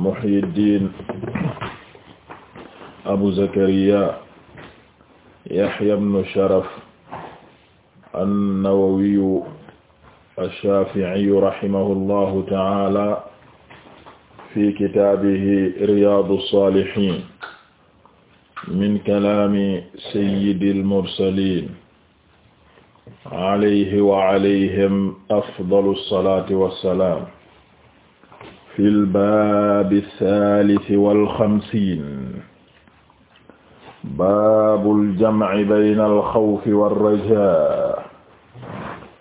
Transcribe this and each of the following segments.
Muhyiddin Abu Zakariya Yahya ibn Sharaf an-Nawawiyu ash-Shafi'iyu rahimahullahu ta'ala fi kitaabihi Riyaadu Saalihiin min kalaami sayyidil mursaliin alayhi wa alayhim afdalu salaati wa salaam fil baabi saalisi wal xamsiin baabul jam'i baynal xawfi war rajaa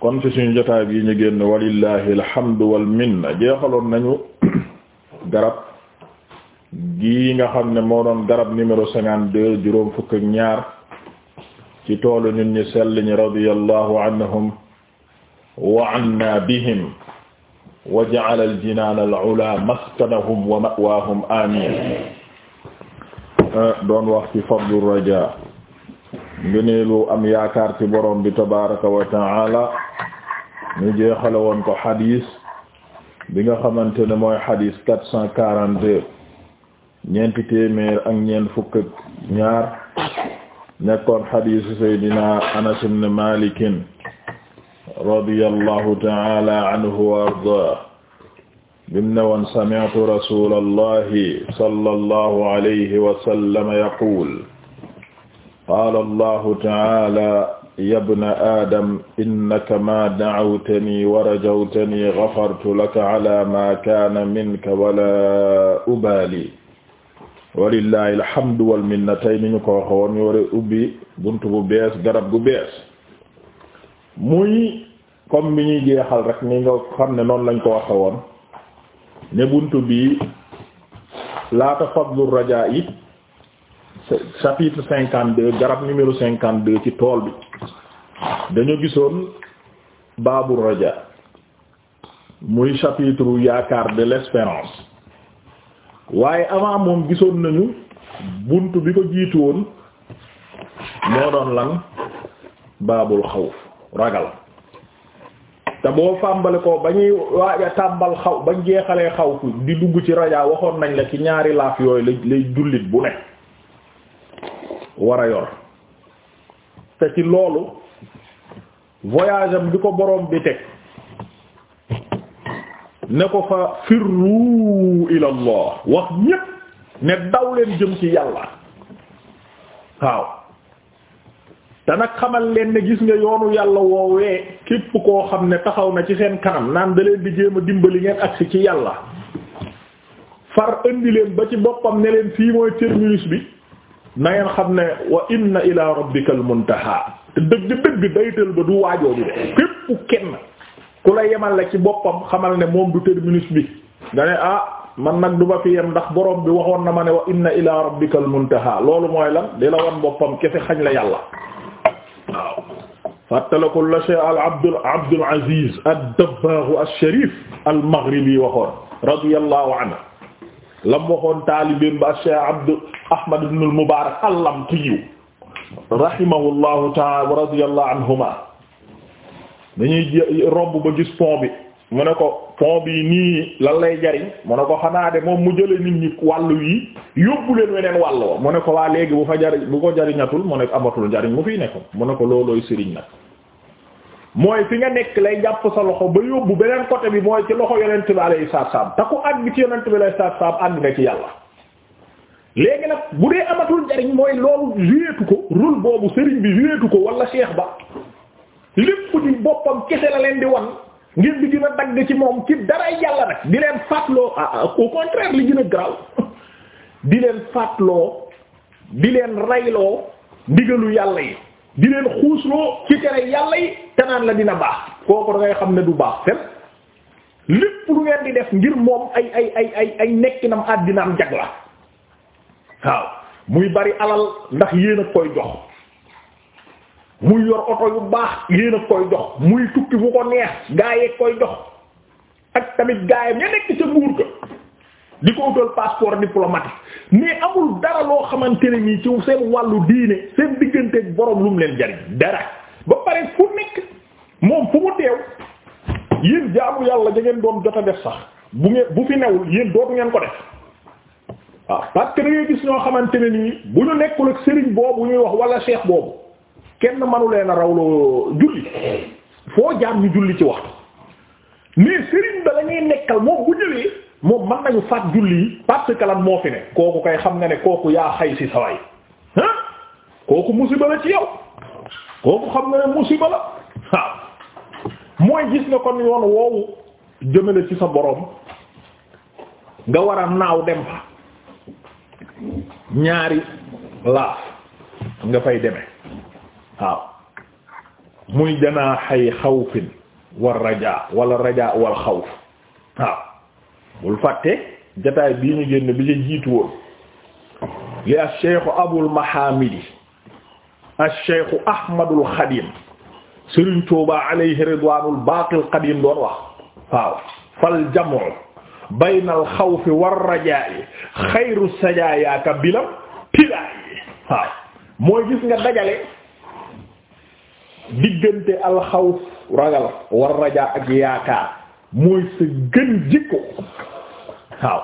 kon ci suñu jotaay bi ñu génn walillahi alhamdu wal minna jeexaloon nañu garab gii nga xam ne moo doon garab numéro cinquante deux juróom fukk ak ñaar ci toolu nit ñi sell ñi radiyallahu anhum wa anna bihim wa ja'ala al-jinaan al-'ulaa maskanahum wa ma'waahum amiin doon wax ci fadlu rajaa ngëneelu am yaakaar ci borom bi tabaaraka wa ta'aala ñu jeexale woon ko xadiis bi nga xamante ne mooy xadiis quatre cent quarante-deux ñeenti téeméer ak ñeent fukk ak ñaar nekkoon xadiisu Seydina Anas ibn Maalik radiyallahu ta'ala anhu wa ardaahu bim ne woon sami'tu rasulallahi sallallahu alayhi wa sallam yaqul qaala allahu ta'ala ya bna aadam innaka ma da'awtani wa rajawtani ghafartu laka ala ma kaana minka wala ubaali walillahi alhamdu wal minna tey ni ñu ko waxoon ñu war a ubbi buntu bu bees garab gu bees muy comme bi ñuy jeexal rek ni nga xam ne noonu lañ ko waxe woon ne bunt bi laata fadlu rajaa yi chapitre cinquante de garab numéro cinquante deux ci tool bi dañu gisoon baabu raja muy chapitre yaakaar de l'espérance waaye avant gisoon nañu bunt bi ko jiitu woon moo doon lan baabul xawf ragal te boo fàmbale ko ba ñuy waaja tàmbal xaw ba jeexalee xaw di dugg ci rajaa waxoon nañ la ci ñaari laaf yooyu lay lay jullit bu ne war a yor te ci loolu voyage am bi ko boroom bi teg ne ko fa firru ila wax ñépp ne daw leen jëm ci yàlla waaw te nag xamal leen ne gis nga yoonu yàlla woowee képp koo xam ne taxaw na ci seen kanam naan da leen di jéem a dimbali ngeen agsi ci yàlla far indi leen ba ci boppam ne leen fii mooy terminus bi na ngeen xam ne wa inna ila rabbika al muntaha te dëgg-dëgg daytal ba du waajoo bi de képp kenn ku la yemal la ci boppam xamal ne moom du terminus bi nga ne ah man nag du ba fi yem ndax borom bi waxoon na ma ne wa inna ila rabbika al muntaha loolu mooy lan di la wan boppam kese xañ la yàlla waaw fàttalikul la Cheikh al Abdul Abdul Aziz ad-Dabbagh ash-Sharif al-Maghribi waxoon radiyallahu anhu lam waxoon taalibeem ba Cheikh Abdou Ahmad ibn al-Mubarak al-Lamti rahimahullahu ta'ala radiyallahu anhuma dañuy romb ba gis pont bi. mu ne ko pont bii nii lan lay jariñ mu ne ko xanaa de moom mu jële nit ñi wàllu yi yóbbu leen weneen wàll wa mu ne ko waa léegi bu fa jariñ bu ko jariñatul mu ne amatul jariñ mu fiy nekk mu ne ko loolooy sëriñ nag mooy fi nga nekk lay jàpp sa loxo ba yóbbu beneen côté bi mooy ci loxo yonent bi alayhi salaam te ku àgg ci yonent bi alayhi salaam àgg nga ci yàlla léegi nag bu dee amatul jariñ mooy loolu juyeetu ko rôle boobu sëriñ bi juyeetu ko wala cheikh ba lépp di la leen di ngir di gën dagg ci moom ci dara yàlla nag di leen fàttaloo ah, ah, au contraire li gën a graw di leen fàttaloo di leen rayloo ndigalu yàlla yi di leen xuusloo ci tere yàlla yi te la dina baax kooku da ngay xam ne du baax fen lépp lu ngeen di def ngir moom ay ay ay ay ay nekkinam àddinaam jag la waaw muy bari alal ndax yéen a koy jox muy yor oto yu baax yéen a koy jox muy tukki fu ko neex gaa yeeg koy jox ak tamit gaa yi nekk ca nguur ga di ko utal passeport diplomatique mais amul dara loo xamante ne nii ci seen wàllu diine seen digganteeg borom lu mu leen jariñ dara ba pare fu nekk moom fu mu teew yéen jaamu yàlla da doon jot a def sax bu ngeen bu fi newul yéen dootu ngeen ko def. waaw parce que da ngay gis ñoo xamante ne nii bu ñu nekkul ak sëriñ boobu ñuy wax wala cheikh boobu kenn manu leen a rawloo julli foo jaam ñu julli ci wax mais sëriñ ba la nekkal moom bu ñëwee moom mën nañu faat julli yi parce que lan moo fi ne kooku kay xam nga ne kooku yaa xay si saway ah kooku musiba la ci yow kooku xam na ne musiba la waaw mooy gis nga kon yoon woowu jëmale ci sa borom nga war a naaw dem fa ñaari laaf nga fay demee waaw muy janaaxay xawfin war rajaa wala rajaa wal xawf waaw bul fàtte jataay bii ñu génn bi ci jiitu woon li al sheikhu abul mahamidi al sheikhu ahmadul xadim Serigne Touba alayhi ridwanul baaqil qadim doon wax waaw fal jamu bayna al xawfi war rajaa'i xayru sajaayaaka bilam pilaayi waaw mooy gis nga dajale diggante alxawf ragal war rajaa ak yaakaar mooy sa gën jikko waaw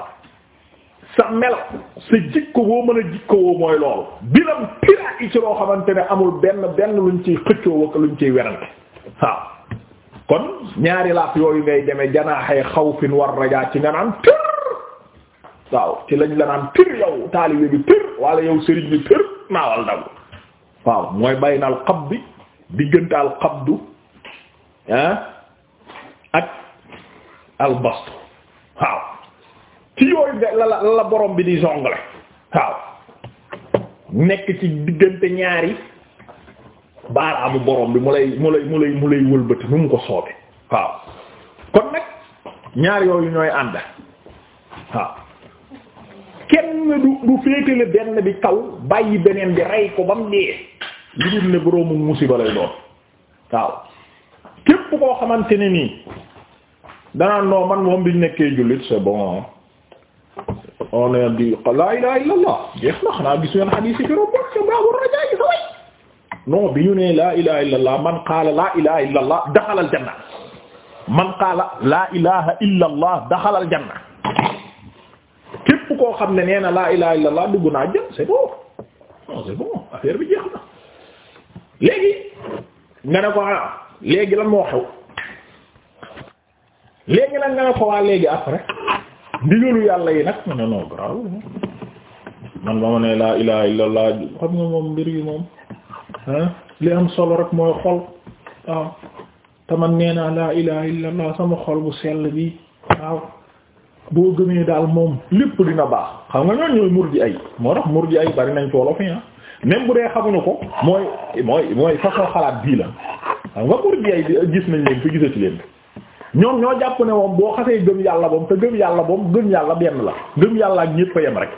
sa mel sa jikko boo mën a jikko woo mooy loolu biram piraat yi ci loo xamante ne amul benn benn luñ ciy xëccoo ak luñ ciy werante waaw kon ñaari laaf yooyu ngay demee janaaxay xawfin war rajaa ci nga naan tër waaw ci lañ la naan tër yow taalibe bi tër wala yow sëriñ bi tër naawal daw waaw mooy baynal qabdi diggante al qabdu ah ak ci yooyu la la la borom bi di jongle waaw nekk ci diggante ñaari baaraamu borom bi mu lay mu lay mu lay mu mu ko soobe waaw kon nag ñaar yooyu ñooy ànd waaw kenn du du féetale benn bi kaw bàyyi beneen bi rey ko ba mu dee lu dul ne boroomu musiba lay doon waaw képp koo xamante ne nii danaan non man moom biñ nekkee jullit c'est bon on di la ilaha illallah jeex na xanaa gis ngeen xadiis yi keroog baax na baaxul rajo yi bi ñu ne la ilaha illallah man qaala la ilaha illallah daxala al janna man qaala la ilaha illallah daxala al janna képp koo xam ne nee na la ilaha illallah dugg bon non c'est bon affaire bi jeex nga ne ko ah léegi lan moo xew léegi nag nga ne ko waa léegi après ndigalu yàlla yi nag mu ne non grave man ba ma ne laa ilaha illallah xam nga moom mbir yi moom ah li am solo rek mooy xol waaw te man nee naa laa ilaha illallah sama xol bu sell bi waaw boo gëmee daal moom lépp dina baax xam nga ñooñu ñooy murji ay moo tax murji ay bari nañ toolo fi même bu dee xamuñu ko mooy mooy mooy façon xalaat bii la xam nga pour biay gis nañ leen fi gisati leen ñoom ñoo jàpp ne moom boo xasee gëm yàlla boom te gëm yàlla boom gëm yàlla benn la gëm yàlla ak ñépp yem rek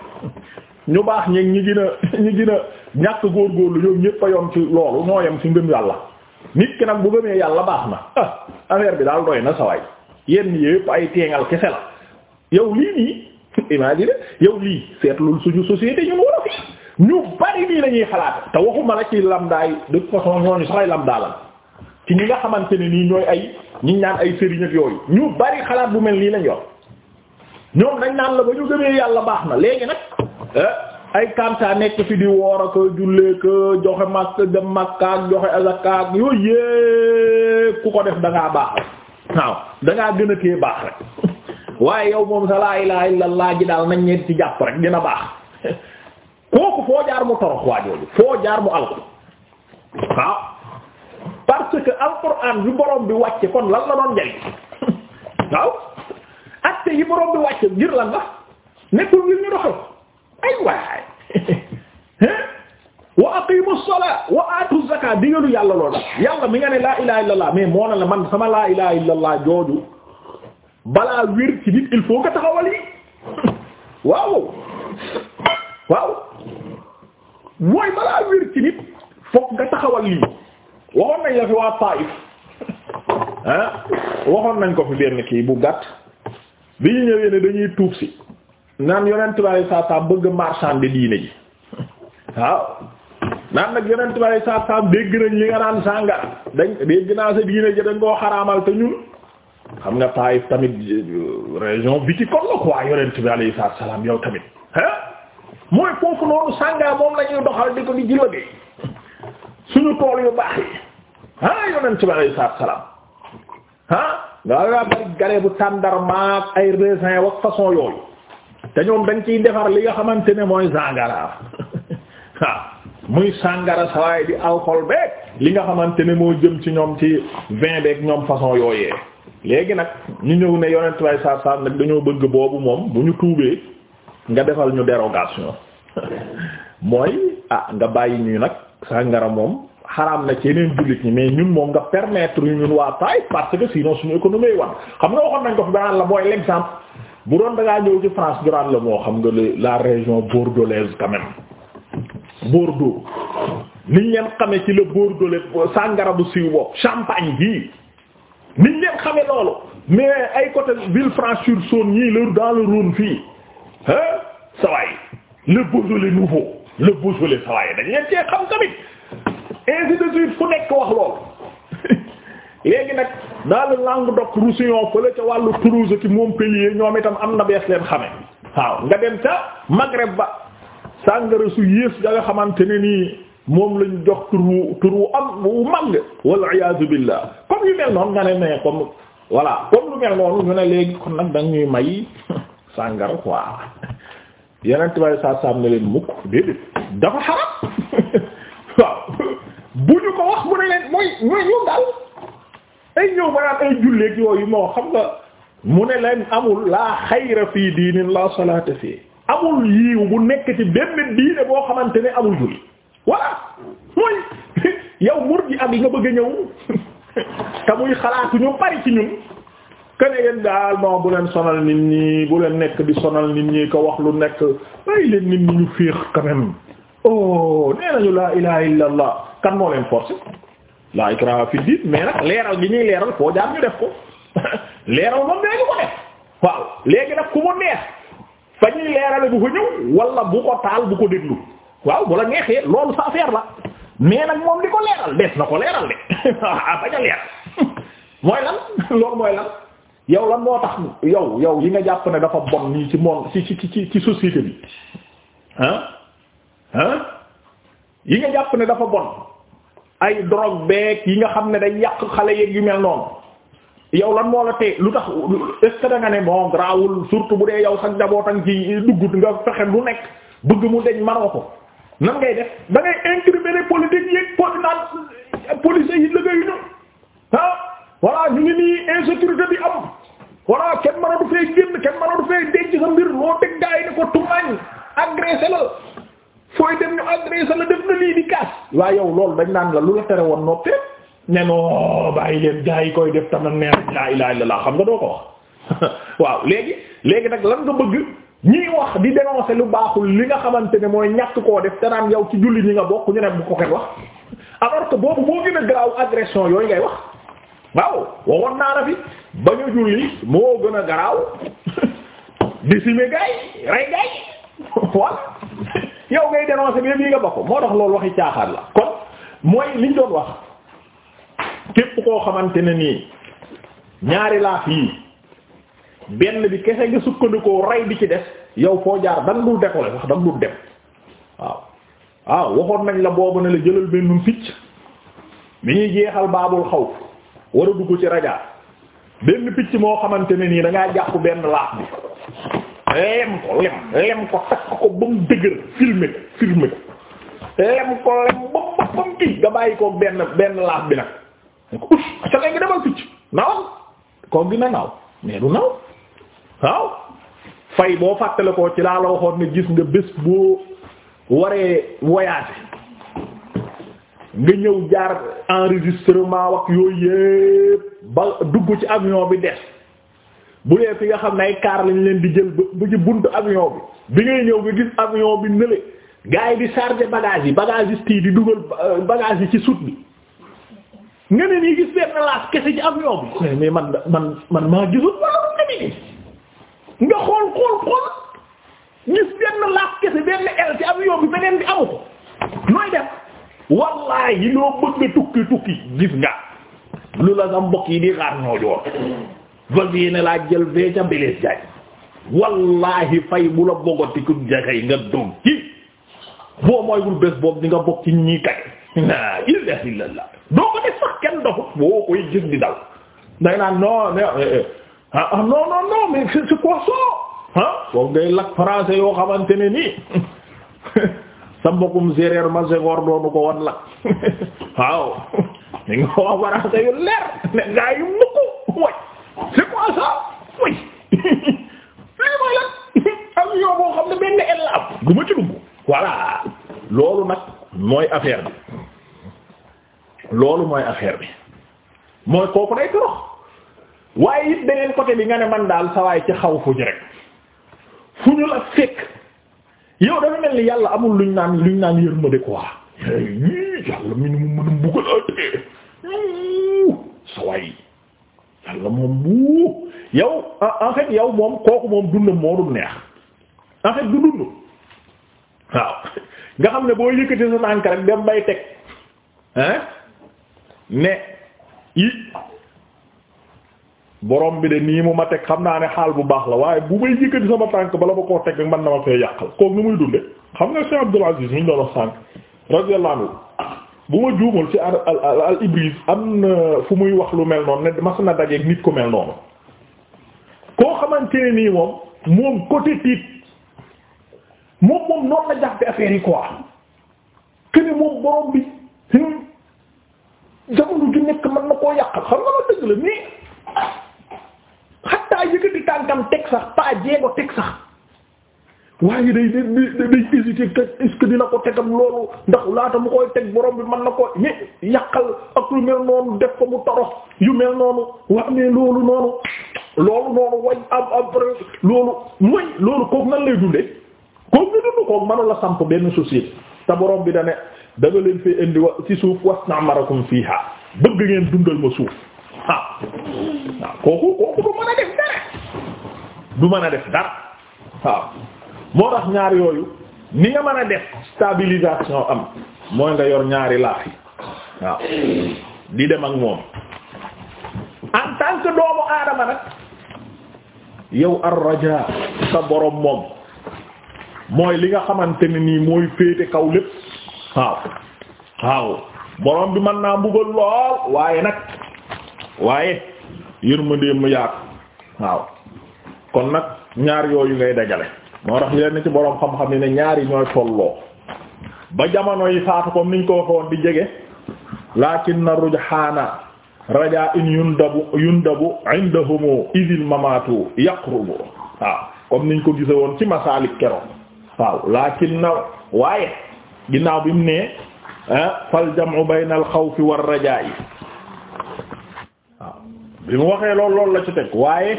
ñu baax ñeeg ñi gën a ñi góor a ñàkk góorgóorlu ñoom ñépp a ci loolu ñoo yem ci ngëm yàlla nit ki nag bu gëmee yàlla baax na ah bi daal doy na sawaay yenn yépp ay teengal kese la yow lii nii imagine yow lii seetlul suñu société ñu ñu bari nii lañuy xalaat te waxuma la ci lamdaay de toute ñooñu sax ay lamdaa la ci ñi nga xamante ni nii ñooy ay ñi ñaan ay sëriñ ak yooyu ñu bari xalaat bu mel nii lañ yor ñoom dañ naan la ba ñu gëmee yàlla baax na léegi nag eh, ay kamta nekk fi di woor ak jullee ko joxe makka dem makka ak joxe azaka ak ku ko def da baax rek waaw da gën a téye baax rek waaye yow moom sa laa ilaaha illallaah ji daal nañ ñeent ci jàpp rek dina baax kooku foo jaar mu torox waa jooju foo jaar mu alku waaw parce que alquran bi borom bi wàcce kon lan la doon jël waaw acte yi borom bi wàcce ngir la nekkul ngir ñu doxal ay waay wa aqimu salaa wa aatu zakaa digalu yàlla loola yàlla mi nga laa ilaha illallah mais moo na la man sama laa ilaha illallah jooju balaa wér ci nit il faut nga taxawal yi waaw waaw mooy balaa wér ci nit fokk nga taxawal lii waxoon nañ la fi waa Taif ah waxoon nañ ko fi benn kii bu gàtt bi ñu ñëwee ne dañuy tuub si naan yonent bi alayhi salaam bëgg marchander diine ji waaw naan nag yonent bi alayhi salaam dégg nañ li nga naan sàngar dañ dégg naa sa diine ji dañ koo xaraamal te ñun xam nga Taif tamit euh, région viticole la quoi yonent bi alayhi salaam yow tamit ah. mooy foofu noonu sàngaa moom la doxal di ko di jëloon suñu tool yu baax yi ah yonent bi alayhi salaatu salaam ah waaw yaa bari gare bu tàndarmaak ay raisin wax façon yooyu te ñoom dañ ciy defar li nga xamante ne mooy sangara waaw ah muy sangara waaye di alcool beeg li nga xamante ne moo jëm ci ñoom ci vin beeg ñoom façon yooyee léegi nag ñu ñëw ne yonent bi alayhi salaatu salaam nag dañoo bëgg boobu moom bu ñu tuubee. nga defal ñu dérogation mooy ah nga bàyyi ñu nag sàngara moom xaraam na ci yeneen jullit ñi mais ñun moom nga permettre ñu ñun waa taay parce que sinon suñu économie yi wan xam nga waxoon nañ ko fi banaan la mooy l'exemple bu doon da ngaa ñëw ci France joraan la moo xam nga la région bordelaise quand même Bordeaux niñ leen xame ci le bordelais sàngara bu siiw bopp champagne gii niñ leen xame loolu mais ay côté Villefranche-sur-Saône ñii la dans le fii hein sawaay le Beaujolais nouveau le Beaujolais sawaay dañ leen cee xam tamit ainsi fu nekk wax lool léegi nag dans le Languedoc fële ca wàllu Toulouse ci Montpellier ñoom itam am na bees leen xame waaw nga dem ca Maghreb ba sàngara su yées da nga xamante ne nii moom lañu jox turu turu am bu mag wal iyaazu billah comme yu mel noonu nga ne ne comme voilà comme lu mel noonu ñu ne léegi kon nag da ñuy may sàngara quoi yeneen tubaab saa saam ne leen mukk déedéet dafa xaram waaw bu ñu ko wax bu ne leen mooy mooy ñoom daal ay ñëw ba naan ay julleek yooyu moo xam nga mu ne leen amul laa xayra fii diinin laa salaata fii amul yiiw bu nekk ci benn diine boo xamante ne amul julli voilà mooy yow mur gi am yi nga bëgg a ñëw te muy xalaatu ñu bari ci ñun. kene yéen daal non bu leen sonal nit ñi bu leen nekk di sonal nit ñi ko wax lu nekk bàyyi leen nit ñi ñu féex quand même oh, nee nañu laa ilaha illa allah kan moo leen forcé laa ikraha fi diin mais nag leeral gi ñuy leeral foo jaar ñu def ko leeral moom dañu ko def waaw léegi nag ku mu neex fa ñuy leerale bu ko ñëw wala bu ko taal bu ko déglu waaw bu la neexee loolu sa affaire la mais nag moom di ko leeral des na ko leeral de ah bañ leeral mooy lan loolu yow lan moo tax yow yow yi nga jàpp ne dafa bon nii ci moom ci ci ci ci société bi ah ah yi nga jàpp ne dafa bon ay drogue beeg yi nga xam ne day yàq xale yeeg yu mel noonu yow lan moo la tee lu tax est-ce que da nga ne bon grawul surtout bu dee yow sax njabootam ci duggut nga fexe lu nekk bëgg mu deñ manoo ko nan ngay def da ngay incriminer politique yeeg po naan policiers yi liggéeyuñu ah. voilà ñu ngi nii insécurité bi am voilà kenn mën a du fee génn kenn mën a du fee denc sa mbir moo dégg gaa yi ne ko tumañ agressé la fooy dem ñu agressé la def na lii di kaas waaye yow loolu dañ naan la lu la tere woon noppi ne noo bàyyi leen gaa yi koy def tamit nee laa la illallaah xam nga doo ko wax waaw léegi léegi nag lan nga bëgg ñiy wax di dénoncer lu baaxul li nga xamante ne mooy ñàkk koo def te naan yow ci julli ni nga bokk ñu ne ko kenn wax alors que boobu yooyu ngay wax waaw waxoon naa la fi bañ a gën a garaaw décimer gaay rey ngay dénoncer yi nga bokk moo tax loolu waxi caaxaan la kon mooy liñ doon wax képp koo xamante ne nii ñaari laaf yii benn bi kese nga sukkandikoo rey bi ci des yow foo jaar danga dul décoller sax danga dul dem waaw waaw waxoon nañ la boobu ne la jëlal bennum picc bi ñuy jeexal baabul xaw war a dugg ci rajaat benn picc moo xamante ne nii da ngaa jàpp benn laaf bi lem ko lem lem ko takk ko ba dëgër filmer ko filmer ko lem ko lem ba ba mu kii nga bàyyi ko benn benn laaf bi nag ne ko us ca léegi demal picc naaw kooku dina naaw mais du naaw waaw fay boo fàttale ko ci laa la waxoon ne gis nga bés boo waree voyager nga ñëw jaar enregistrement wax yooyu yépp ba dugg ci avion bi des bu dee fi nga xam ne ay kaar lañ leen di jël ba ci buntu avion bi bi ngay ñëw nga gis avion bi nële gars yi di charger bagage yi bagagiste yi di dugal euh, bagage yi ci soute bi nga ne nii gis benn laas kese ci avion bi man man man maa gisul wala nga ni nga xool xool xool gis benn laas kese benn el ci avion bi beneen bi amu ko nooy wallaahi loo bëgg tukki tukki gis nga lu la sa mbokk yi di xaar ñoo joor fas laa jël fee ca Blaise Diagne wallaahi fay bu la bogoti ku jaxee nga doog ci boo mooyul bés boobu di nga bokk ci ñii kay laa ilaaha illallaah doo ko def sax kenn doxut boo koy gis di dal day naan non eh, eh. Ah, ah, non non non mais c'est quoi ça ah boobu ngay lak français yoo xamante ne nii sa mbokkum séeréer ma Senghor doonu ko wan la waaw ni nga wax baraasa yu leer ne gaa yu mukk way c'est quoi ça way lii mooy lan am yoo xam ne benn el am du ma ci dugg voilà loolu nag mooy affaire bi loolu mooy affaire bi mooy kooku day torox waaye it beneen côté bi nga ne man daal sawaay ci xaw fu ñu fu ñu la fekk yow dafa mel ni yàlla amul lu ñu naan luñ naan yërmande quoi yàlla mi nu mu mën a mbugal atee saway yàlla moom bu yow ah, en fait yow moom kooku moom dund neex en du dund waaw nga xam ne boo yëkkati sa nànk rek bay teg hein ne i borom bi de nii mu ma teg xam naa ne xaal bu baax la waaye bu may yëkkati sama tànk bala ma koo teg man na ma koy yàqal kooku muy dunde xam nga Cheikh Abdul Aziz mi ñu doon wax sànq radiyallahu ci al fu muy wax lu mel noonu ne mas na dajeeg nit ku nii moom moom côté bi hmm, jamono ju koo yàqal xam nga ma dëgg la nii. tànkam teg sax pas jéego teg sax waaye day day day hésité est-ce dina ko tegam loolu ndax laata mu koy teg boroom bi man na ko ñi yàqal ak lu mel noonu def ko mu torox yu mel noonu waa mais loolu noonu loolu noonu way ab après loolu mooy loolu kooku nan lay dundee kooku ñu dund kooku mënu samp benn société te borom bi da ne leen fee indi wa ci suuf wasna'marakum fiha bëgg ngeen dundal ma suuf. waaw kooku kooku du mën a def dara du mën a def dara waaw moo tax ñaar yooyu ni nga mën a def stabilisation am mooy nga yor ñaari laax yi waaw di dem ak moom en tant doomu aadama nag yow ar sa boroom moom mooy li nga xamante ne nii mooy féete kaw lépp waaw waaw borom bi mën naa mbugal lool waaye nag waaye yërmandeem mu yaatu waaw kon nag ñaar yooyu ngay dajale moo tax yenn ci boroom xam-xam yi ne ñaari yi ñooy tolloo ba jamono yi faatu kom niñ ko waxoon di jege lakin na rujhaana rajaa in yundabu yundabu indahumu idil mamatu yaqrubu waaw comme niñ ko gise woon ci masaalik keroog waaw lakin na waaye ginnaaw bi mu ne ah, fal jam'u bayna al xawfi war rajaa'i bi mu waxee lool loolu la ci teg waaye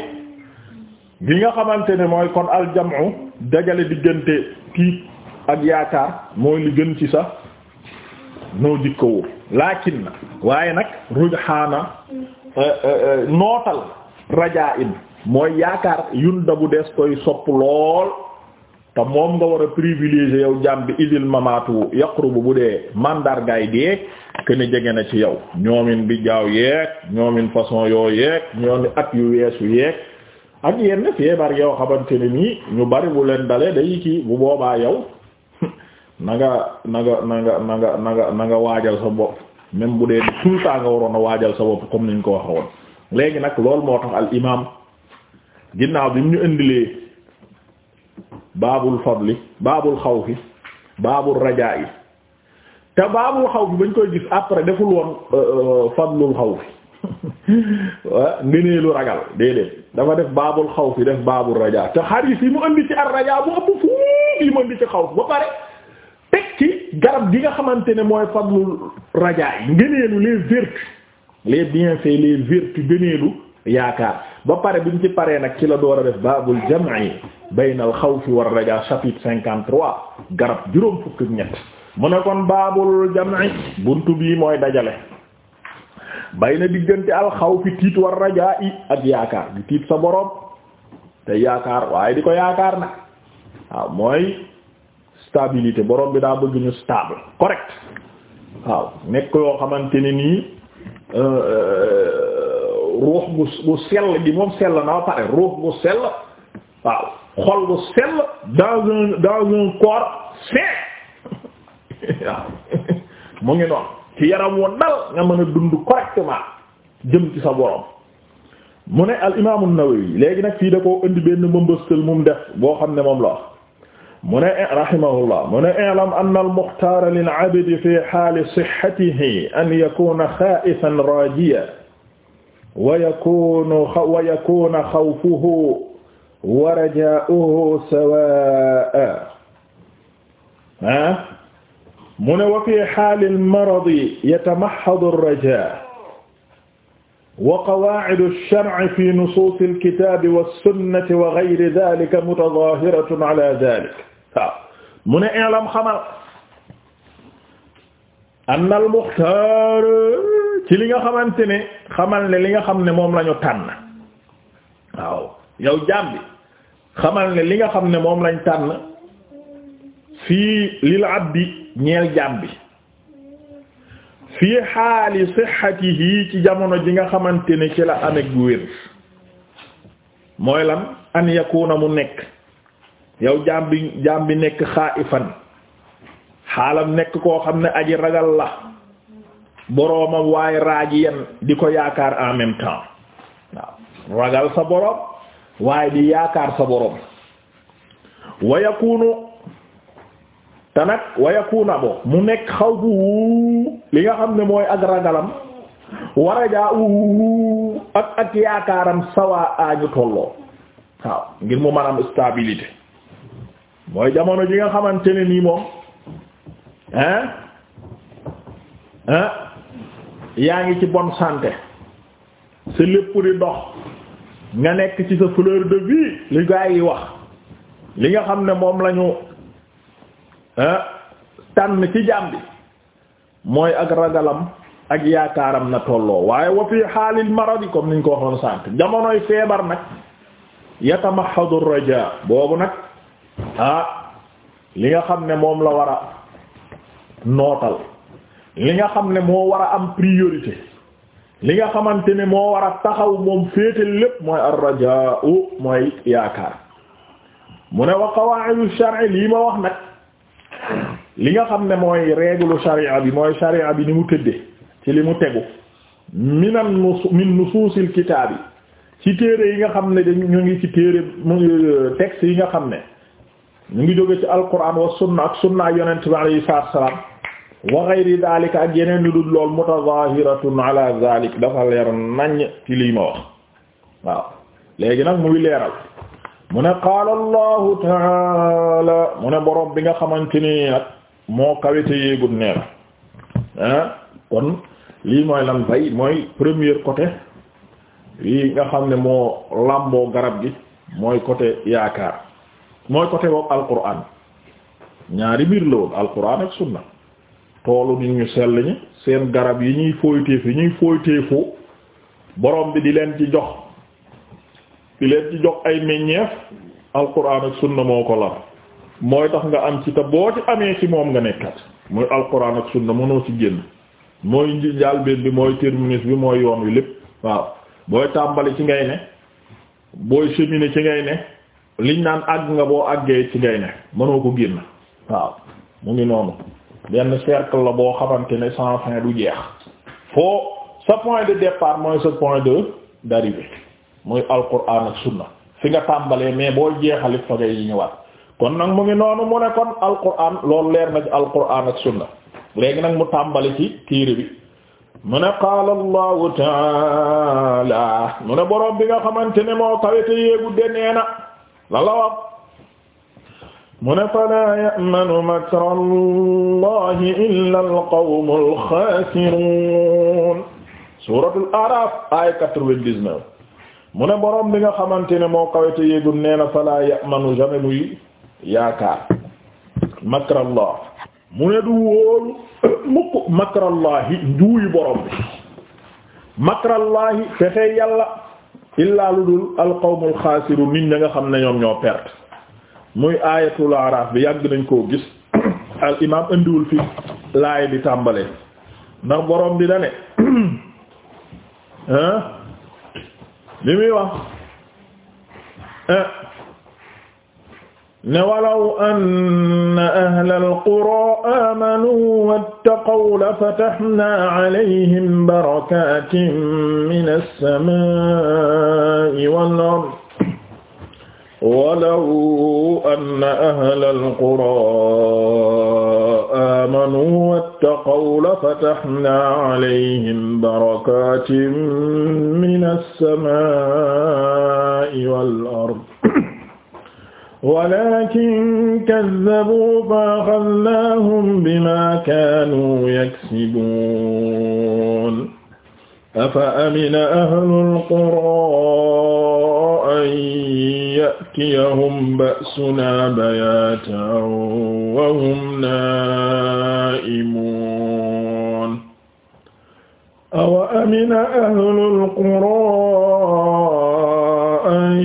bi nga xamante ne mooy kon aljamu dajale diggante tiit ak yaakaar mooy li gën ci sax noo jikkowoo laakin na waaye nag rujxaana euh, euh, euh, nootal rajaa in mooy yaakaar yun dabu dees koy sopp lool te moom nga war a privilégier yow jàmm bi isil mamaatu yaqrubu bu dee mandargaay dee que ne jege na ci yow ñoomin bi jaaw yeeg ñoomin façon yoo yeeg ñoomi at yu weesu yeeg ak yenn feebar yow xamante ne nii ñu bari bu leen dalee day kii bu boobaa yow na nga na nga na nga na nga na nga waajal sa bopp même bu dee tout le temps nga waroon a waajal sa bopp comme niñ ko waxee woon léegi nag lool moo tax al imaam ginnaaw bi mu ñu indilee. baabul fadli baabul xawfi baabul rajaa'i te baabul xawfi bañ koy gis après deful woon euh, euh, fadlul xawfi ngëneelu ragal déedéet dafa def baabul xawfi def baabul rajaa te xaris yi mu indi ci ar rajaa bu ëpp fuuf yi mu indi ci xawf ba pare teg ci garab gi nga xamante ne mooy fadlul rajaa yi ngëneelu les vertus les bienfaits les vertus ngëneelu yaakaar ba pare bi ñu ci paree nag ci la door a def baabul jam'i bayna xaw fi war raja chapitre cinquante trois garab juróom fukk ak ñett mu ne kon baabul jam'i buntu bii mooy dajale bayna diggante al xawfi tiit war a raja i ak yaakaar di tiit sa boroom te yaakaar waaye di ko yaakaar na waaw mooy stabilité boroom bi daa bëgg ñu stable correct waaw nekk yoo xamante ne nii euh, euh, ruux gu sell gi moom sell na ba pare ruux gu sell waaw xol gu sell dans un dans un corps sain waaw mu ngi noonu ci yaram wu dal nga mën a dund correctement jëm ci sa borom mu ne al imaamu Nawawi léegi nag fii da koo indi benn mëmbëstal mu def boo ne moom la wax mu ne rahimahullah mu ne i'lam anna al-mukhtaar lil-'abdi fi haali sihhatihi an yakuna khaa'ifan raajiyan wa yakunu wa yakuna xawfuhu wa rajaa'uhu sawaa ah mu ne wa fi xaalil maradi yatamaxxadu rajaa wa qawaa'idu sharci fi nusuusil kitaabi wa sunnati wa gayri daalika mutadaahiratun alaa daalika waaw mu ne i'lam xamal anna al muxtaar ci li nga xamante ne xamal ne li nga xam ne moom lañu tànn waaw yow jàmbi xamal ne li nga xam ne moom lañ tànn fii lil abdi ñeel jaam bi fii xaali sihhatihi ci jamono ji nga xamante ne ci la amee gu wér mooy lan an yakuna mu nekk yow jaam bi jaam bi nekk fan xaalam nekk koo xam ne aji ragal la boroomam waaye raajiyan di ko yaakaar en même temps ragal sa boroom waaye di yaakaar sa boroom wa yakunu te nag wa yakuna bo mu nekk xawfu li nga xam ne mooy ak ragalam warajaa u ak ak yaakaaram sawa añu tolloo waaw ngir mu maanaam stabilité mooy jamono ji nga xamante ne nii moom hein hein yaa ngi ci bonne santé sa lépp di dox nga nekk ci sa fleur de vie li gaa yi wax li nga xam ne moom lañu ah, tànn ci jaam mooy ak ragalam ak yaakaaram na tolloo waaye wa fi xaalil maradi comme niñ ko waxoon sànq jamonoy feebar nag yatamahadu raja boobu nag ah li nga xam ne moom la war a nootal li nga xam ne moo war a am priorité li nga xamante ne moo war a taxaw moom féete lépp mooy ar-rajaa mooy yaakaar mu ne wa qawaa'idu shar'i lii ma wax nag li nga xam ne mooy règle sharia bi mooy sharia bi ni mu tëddee ci li mu tegu minan nus min nusuusil kitaabi ci téere yi nga xam ne dañu ñu ngi ci téere mu ngi euh, texte yi nga xam ne ñu ngi jóge ci alquran wa sunna ak sunna yonent bi alayhi salaatu wa salaam wa ghayri daalika ak yeneen yu dul lool mutazaahiratun ala zaalik dafa leer nañ ci lii ma waaw léegi nag muy leeral mu ne qaala allahu mu ne boroom bi nga xamante ni nag moo kawite yéegul nee na ah kon lii mooy lan fay mooy première côté lii nga xam ne moo làmboo garab gi mooy côté yaakaar mooy côté boobu alquran ñaari biir la woon alquran ak sunna toolu nit ñu sell ñi seen garab yi ñuy fooyteef yi ñuy fooyteefoo boroom bi di leen ci jox di leen ci jox ay meññeef alquran ak sunna moo ko la mooy tax nga am ci te boo ci amee ci moom nga nekkat muy alquran ak sunna mënoo ci génn mooy njàlbéen bi mooy terminus bi mooy yoon wi lépp waaw booy tàmbali ci ngay ne booy cheminer ci ngay ne liñ naan àgg nga boo àggee ci ngay ne mënoo ko génn waaw mu ngi noonu benn cercle la boo xamante ne sans fin du jeex foo sa point de départ mooy sa point de bi muy alquran ak sunna fi nga tàmbalee mais boo jeexalit fa ngay ñëwaat kon nag mu ngi noonu mu ne kon alquran loolu leer na ci alquran ak sunna léegi nag mu tàmbali ci tiiri bi mu ne qaala allahu taala mu ne boroom bi nga xamante ne moo kawete yéegu de nee na la la wax mu ne falaa ya'manu makra allahi illa alqawmu alxaasiruun suuratul araaf aaya 99 mu ne boroom bi nga xamante ne moo kawete yéegul nee na falaa ya'manu jamais muy yaakaar makra allah mu ne du wóolu mukk makra allahi njuuyi boroom bi makra allahi fexe xam ne ñoo perte muy ayatul araaf bi yàgg nañ koo gis al imaam indiwul fi laay bi tàmbalee ndax bi da ne li muy wax eh? ne walaw qura amanu wattaqaw la fatahna alayhim barakatin minas samaa'i wal walaw anna ahlal quraa aamanuu wattaqaw lafatahnaa alayhim barakaatin minas samaa'i wal ard walaakin kazzabuu fa-axadnaahum bimaa kaanuu yaksibuun afa amina ahlul quraa يأتيهم بأسنا بياتا وهم نائمون أو أمن أهل القرى أن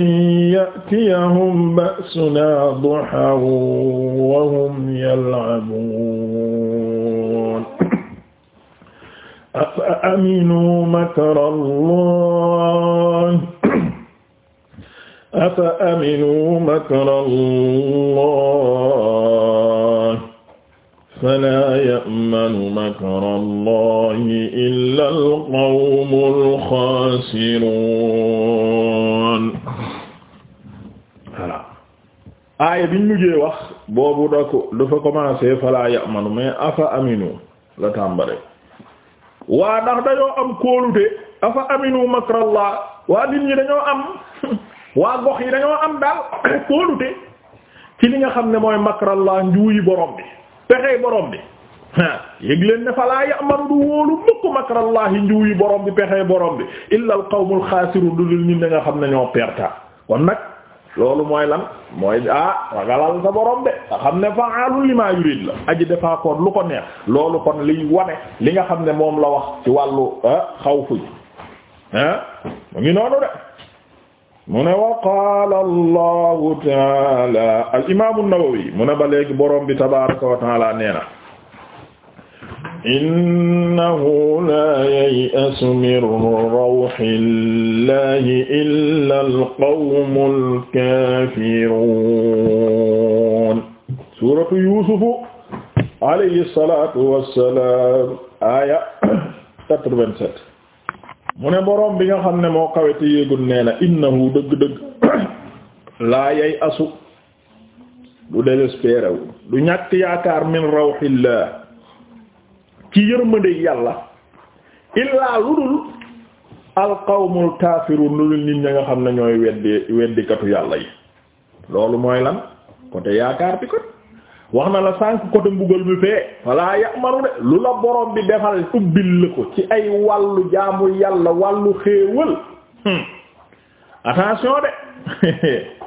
يأتيهم بأسنا ضحى وهم يلعبون أفأمنوا مكر الله afa aminu makra allah fala ya'manu makra allah illa alqawmu alxaasiruun voilà aaya biñ mujjee wax boobu da ko dafa commencé fala ya'manu mais afa aminu la tàmbale waa ndax dañoo am kóolute afa aminu makra allah waa nit ñi dañoo am waa gox yi dañoo am daal kóolute ci li nga xam ne mooy makrallah njuuyi borom bi pexey borom bi ah yëg leen ne fa laa ya'manu du wóolu mukk makrallahi bi pexey borom bi illa al qawmul xaasirun du nga xam ne ñoo perta kon nag loolu mooy lan mooy ah ragalal sa borom de nga xam ne fa'aalun limaa yurid la aji defaa ko lu ko neex loolu kon liy wane li nga xam ne moom la wax ci wàllu ah xawfu ah mu ngi noonu de. mu ne wa qaala allahu taala al imaamu nawawi mu ne ba léegi borom bi tabaraka wa taala nee na innahu la yay'asu min rawhillahi illa alqawmul kaafiruun suuratu yuusufu alayhi salaatu wassalaam aaya 87 mu ne boroom bi nga xam ne moo kawe te yéegul nee na innahu dëgg-dëgg laa yay asu du désespéré du ñàkk yaakaar min rawxillah ci yërmande yàlla illaa lu dul alqawmul kaafirun lu dul nit ña nga xam ne ñooy weddi weddikatu yàlla yi loolu mooy lan côté yaakaar bi kot wax na la sànq côté mbugal bi fee walla ya'maru de lu la borom bi defal ubbil la ko ci ay wàllu jaamu yàlla wàllu xéewal hmm. attention de